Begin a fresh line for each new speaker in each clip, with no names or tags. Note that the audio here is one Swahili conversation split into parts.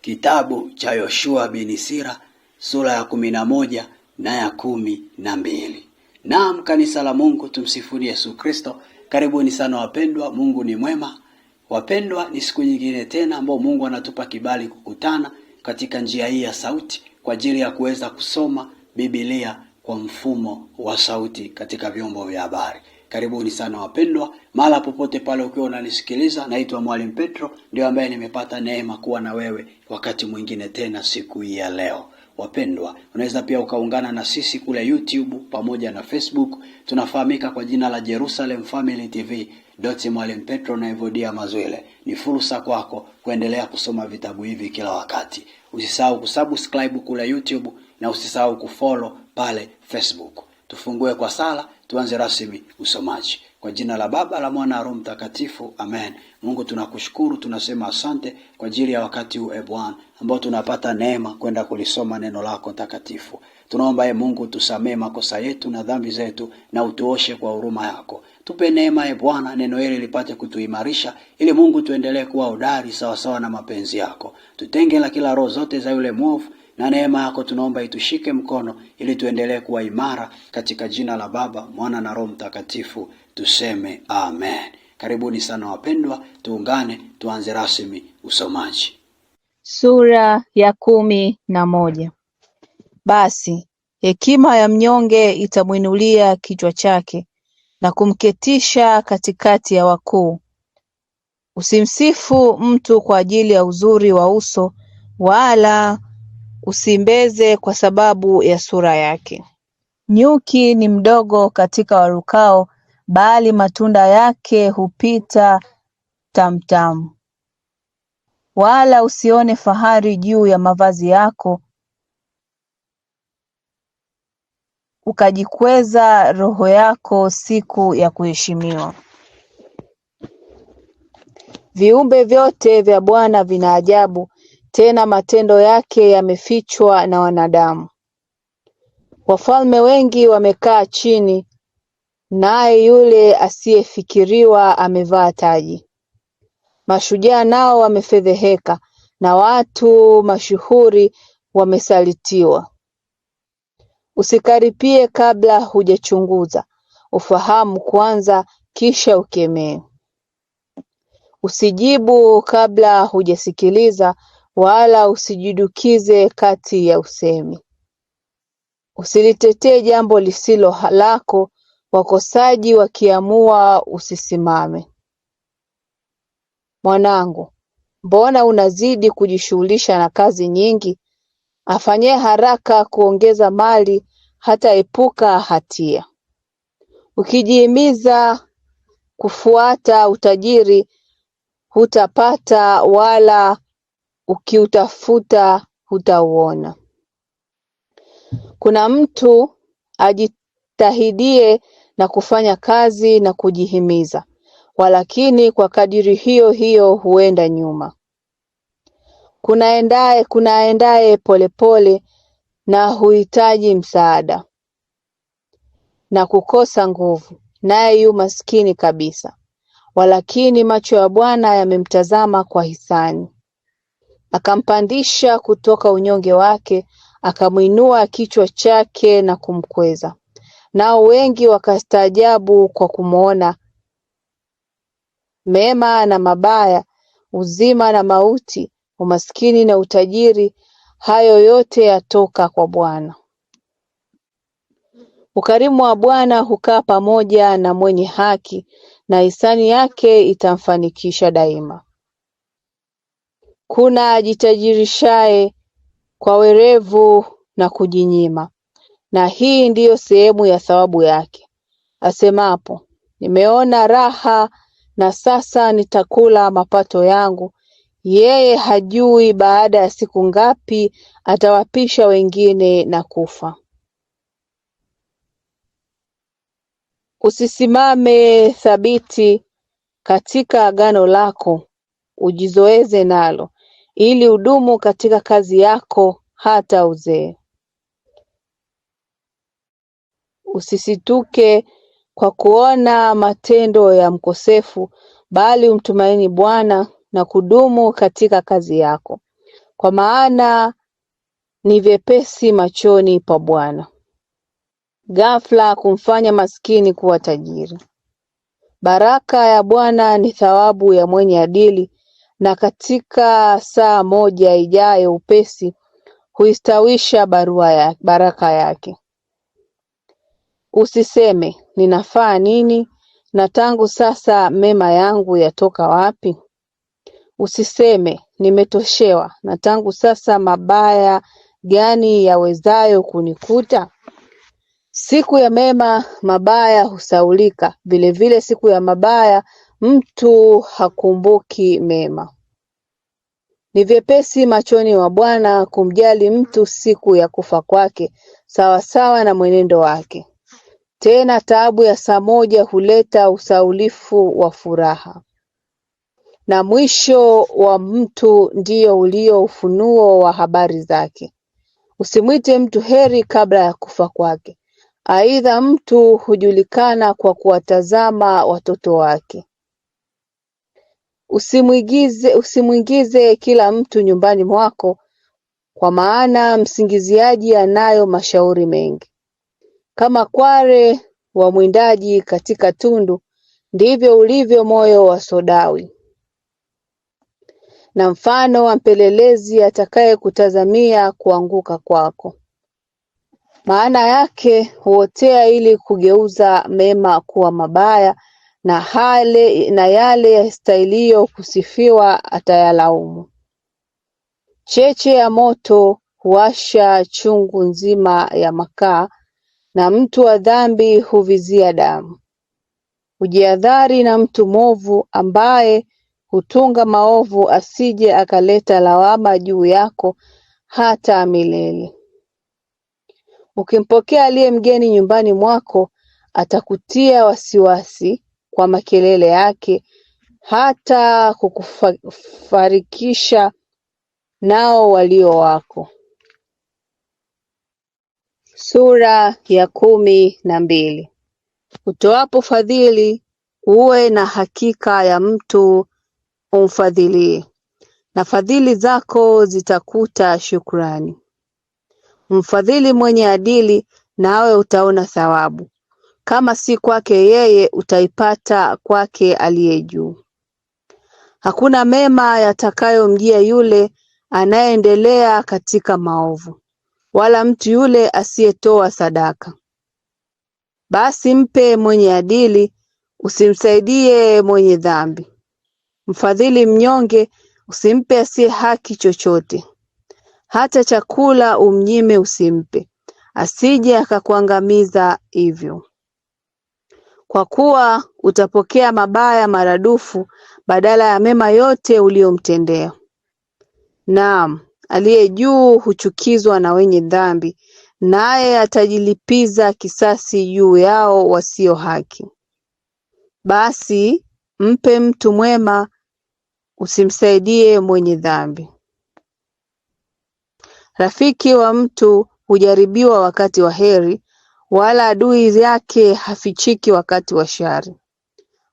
Kitabu cha Yoshua bin Sira sura ya kumi na moja na ya kumi na mbili. Naam, kanisa la Mungu, tumsifuni Yesu Kristo. Karibuni sana wapendwa, Mungu ni mwema. Wapendwa, ni siku nyingine tena ambao Mungu anatupa kibali kukutana katika njia hii ya sauti kwa ajili ya kuweza kusoma Biblia kwa mfumo wa sauti katika vyombo vya habari. Karibuni sana wapendwa, mahala popote pale ukiwa unanisikiliza. Naitwa Mwalimu Petro, ndio ambaye nimepata neema kuwa na wewe wakati mwingine tena siku hii ya leo. Wapendwa, unaweza pia ukaungana na sisi kule YouTube pamoja na Facebook. Tunafahamika kwa jina la Jerusalem Family TV doti Mwalimu Petro na Evodia Mazwile. Ni fursa kwako kuendelea kusoma vitabu hivi kila wakati. Usisahau kusubscribe kule YouTube na usisahau kufollow pale Facebook. Tufungue kwa sala Tuanze rasmi usomaji kwa jina la Baba la Mwana na Roho Mtakatifu, amen. Mungu tunakushukuru, tunasema asante kwa ajili ya wakati huu e Bwana, ambao tunapata neema kwenda kulisoma neno lako takatifu. Tunaomba e Mungu tusamee makosa yetu na dhambi zetu, na utuoshe kwa huruma yako. Tupe neema e Bwana, neno hili lipate kutuimarisha, ili Mungu tuendelee kuwa hodari sawasawa na mapenzi yako. Tutenge na kila roho zote za yule mwovu na neema yako tunaomba itushike mkono ili tuendelee kuwa imara katika jina la Baba, Mwana na Roho Mtakatifu, tuseme amen. Karibuni sana wapendwa, tuungane tuanze rasmi usomaji.
Sura ya kumi na moja. Basi hekima ya mnyonge itamwinulia kichwa chake na kumketisha katikati ya wakuu. Usimsifu mtu kwa ajili ya uzuri wa uso wala Usimbeze kwa sababu ya sura yake. Nyuki ni mdogo katika warukao, bali matunda yake hupita tamtamu. Wala usione fahari juu ya mavazi yako, ukajikweza roho yako siku ya kuheshimiwa. Viumbe vyote vya Bwana vina ajabu, tena matendo yake yamefichwa na wanadamu. Wafalme wengi wamekaa chini, naye yule asiyefikiriwa amevaa taji. Mashujaa nao wamefedheheka, na watu mashuhuri wamesalitiwa. Usikaripie kabla hujachunguza, ufahamu kwanza, kisha ukemee. Usijibu kabla hujasikiliza, wala usijidukize kati ya usemi. Usilitetee jambo lisilo lako, wakosaji wakiamua usisimame. Mwanangu, mbona unazidi kujishughulisha na kazi nyingi? Afanye haraka kuongeza mali, hata epuka hatia. Ukijihimiza kufuata utajiri, hutapata wala ukiutafuta hutauona. Kuna mtu ajitahidie na kufanya kazi na kujihimiza, walakini kwa kadiri hiyo hiyo huenda nyuma. Kunaendaye kunaendaye polepole na huhitaji msaada na kukosa nguvu, naye yu maskini kabisa, walakini macho ya Bwana yamemtazama kwa hisani. Akampandisha kutoka unyonge wake, akamwinua kichwa chake na kumkweza. Nao wengi wakastaajabu kwa kumwona. Mema na mabaya, uzima na mauti, umaskini na utajiri, hayo yote yatoka kwa Bwana. Ukarimu wa Bwana hukaa pamoja na mwenye haki, na hisani yake itamfanikisha daima. Kuna ajitajirishaye kwa werevu na kujinyima, na hii ndiyo sehemu ya thawabu yake, asemapo: nimeona raha na sasa nitakula mapato yangu. Yeye hajui baada ya siku ngapi atawapisha wengine na kufa. Usisimame thabiti katika agano lako, ujizoeze nalo ili udumu katika kazi yako hata uzee Usisituke kwa kuona matendo ya mkosefu, bali umtumaini Bwana na kudumu katika kazi yako, kwa maana ni vyepesi machoni pa Bwana ghafla kumfanya maskini kuwa tajiri. Baraka ya Bwana ni thawabu ya mwenye adili, na katika saa moja ijayo upesi huistawisha baraka yake. Usiseme, ninafaa nini na tangu sasa mema yangu yatoka wapi? Usiseme, nimetoshewa na tangu sasa mabaya gani yawezayo kunikuta? Siku ya mema mabaya husaulika, vilevile siku ya mabaya Mtu hakumbuki mema. Ni vyepesi machoni wa Bwana kumjali mtu siku ya kufa kwake sawasawa na mwenendo wake. Tena taabu ya saa moja huleta usaulifu wa furaha, na mwisho wa mtu ndio ulio ufunuo wa habari zake. Usimwite mtu heri kabla ya kufa kwake. Aidha, mtu hujulikana kwa kuwatazama watoto wake. Usimwingize kila mtu nyumbani mwako kwa maana msingiziaji anayo mashauri mengi. Kama kware wa mwindaji katika tundu, ndivyo ulivyo moyo wa sodawi; na mfano wa mpelelezi atakayekutazamia kuanguka kwako. Maana yake huotea ili kugeuza mema kuwa mabaya na yale yastahiliyo kusifiwa atayalaumu. Cheche ya moto huasha chungu nzima ya makaa, na mtu wa dhambi huvizia damu. Hujihadhari na mtu mwovu ambaye hutunga maovu, asije akaleta lawama juu yako hata milele. Ukimpokea aliye mgeni nyumbani mwako, atakutia wasiwasi kwa makelele yake hata kukufarikisha nao walio wako. Sura ya kumi na mbili. Utoapo fadhili uwe na hakika ya mtu umfadhilie, na fadhili zako zitakuta shukrani. Mfadhili mwenye adili, nawe utaona thawabu. Kama si kwake yeye, utaipata kwake aliye juu. Hakuna mema yatakayomjia yule anayeendelea katika maovu, wala mtu yule asiyetoa sadaka. Basi mpe mwenye adili, usimsaidie mwenye dhambi. Mfadhili mnyonge, usimpe asiye haki chochote. Hata chakula umnyime usimpe, asije akakuangamiza hivyo kwa kuwa utapokea mabaya maradufu badala ya mema yote uliyomtendea. Naam, Aliye Juu huchukizwa na wenye dhambi, naye atajilipiza kisasi juu yao wasio haki. Basi mpe mtu mwema, usimsaidie mwenye dhambi. Rafiki wa mtu hujaribiwa wakati wa heri, wala adui yake hafichiki wakati wa shari.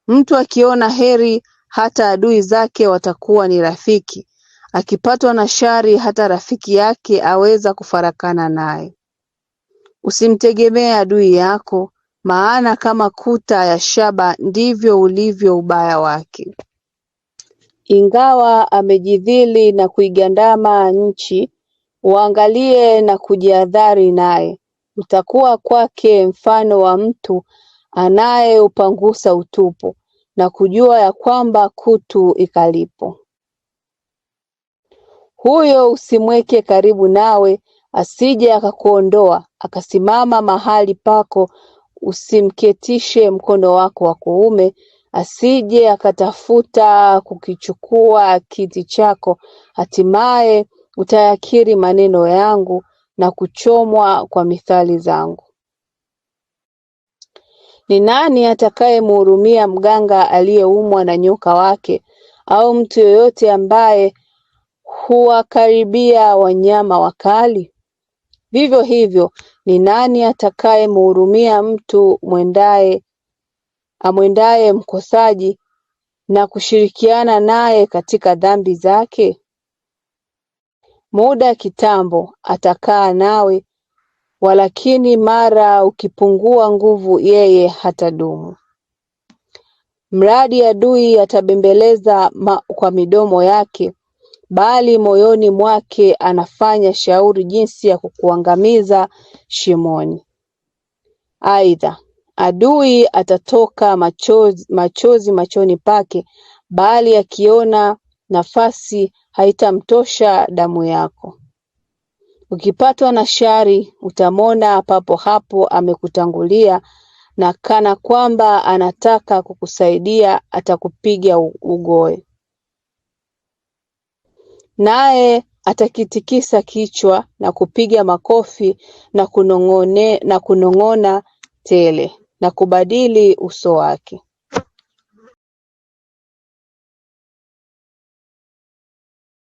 Mtu akiona heri hata adui zake watakuwa ni rafiki; akipatwa na shari hata rafiki yake aweza kufarakana naye. Usimtegemee adui yako, maana kama kuta ya shaba ndivyo ulivyo ubaya wake. Ingawa amejidhili na kuigandama nchi, uangalie na kujihadhari naye, utakuwa kwake mfano wa mtu anayeupangusa utupu na kujua ya kwamba kutu ikalipo. Huyo usimweke karibu nawe, asije akakuondoa akasimama mahali pako. Usimketishe mkono wako wa kuume, asije akatafuta kukichukua kiti chako. Hatimaye utayakiri maneno yangu na kuchomwa kwa mithali zangu. Ni nani atakayemhurumia mganga aliyeumwa na nyoka wake au mtu yoyote ambaye huwakaribia wanyama wakali? Vivyo hivyo ni nani atakayemhurumia mtu mwendaye amwendaye mkosaji na kushirikiana naye katika dhambi zake? muda kitambo atakaa nawe, walakini mara ukipungua nguvu yeye hatadumu. Mradi adui atabembeleza kwa midomo yake, bali moyoni mwake anafanya shauri jinsi ya kukuangamiza shimoni. Aidha, adui atatoka machozi, machozi machoni pake, bali akiona nafasi haitamtosha damu yako. Ukipatwa na shari, utamwona papo hapo amekutangulia, na kana kwamba anataka kukusaidia atakupiga ugoe, naye atakitikisa kichwa na kupiga makofi na kunong'ona tele na kubadili uso wake.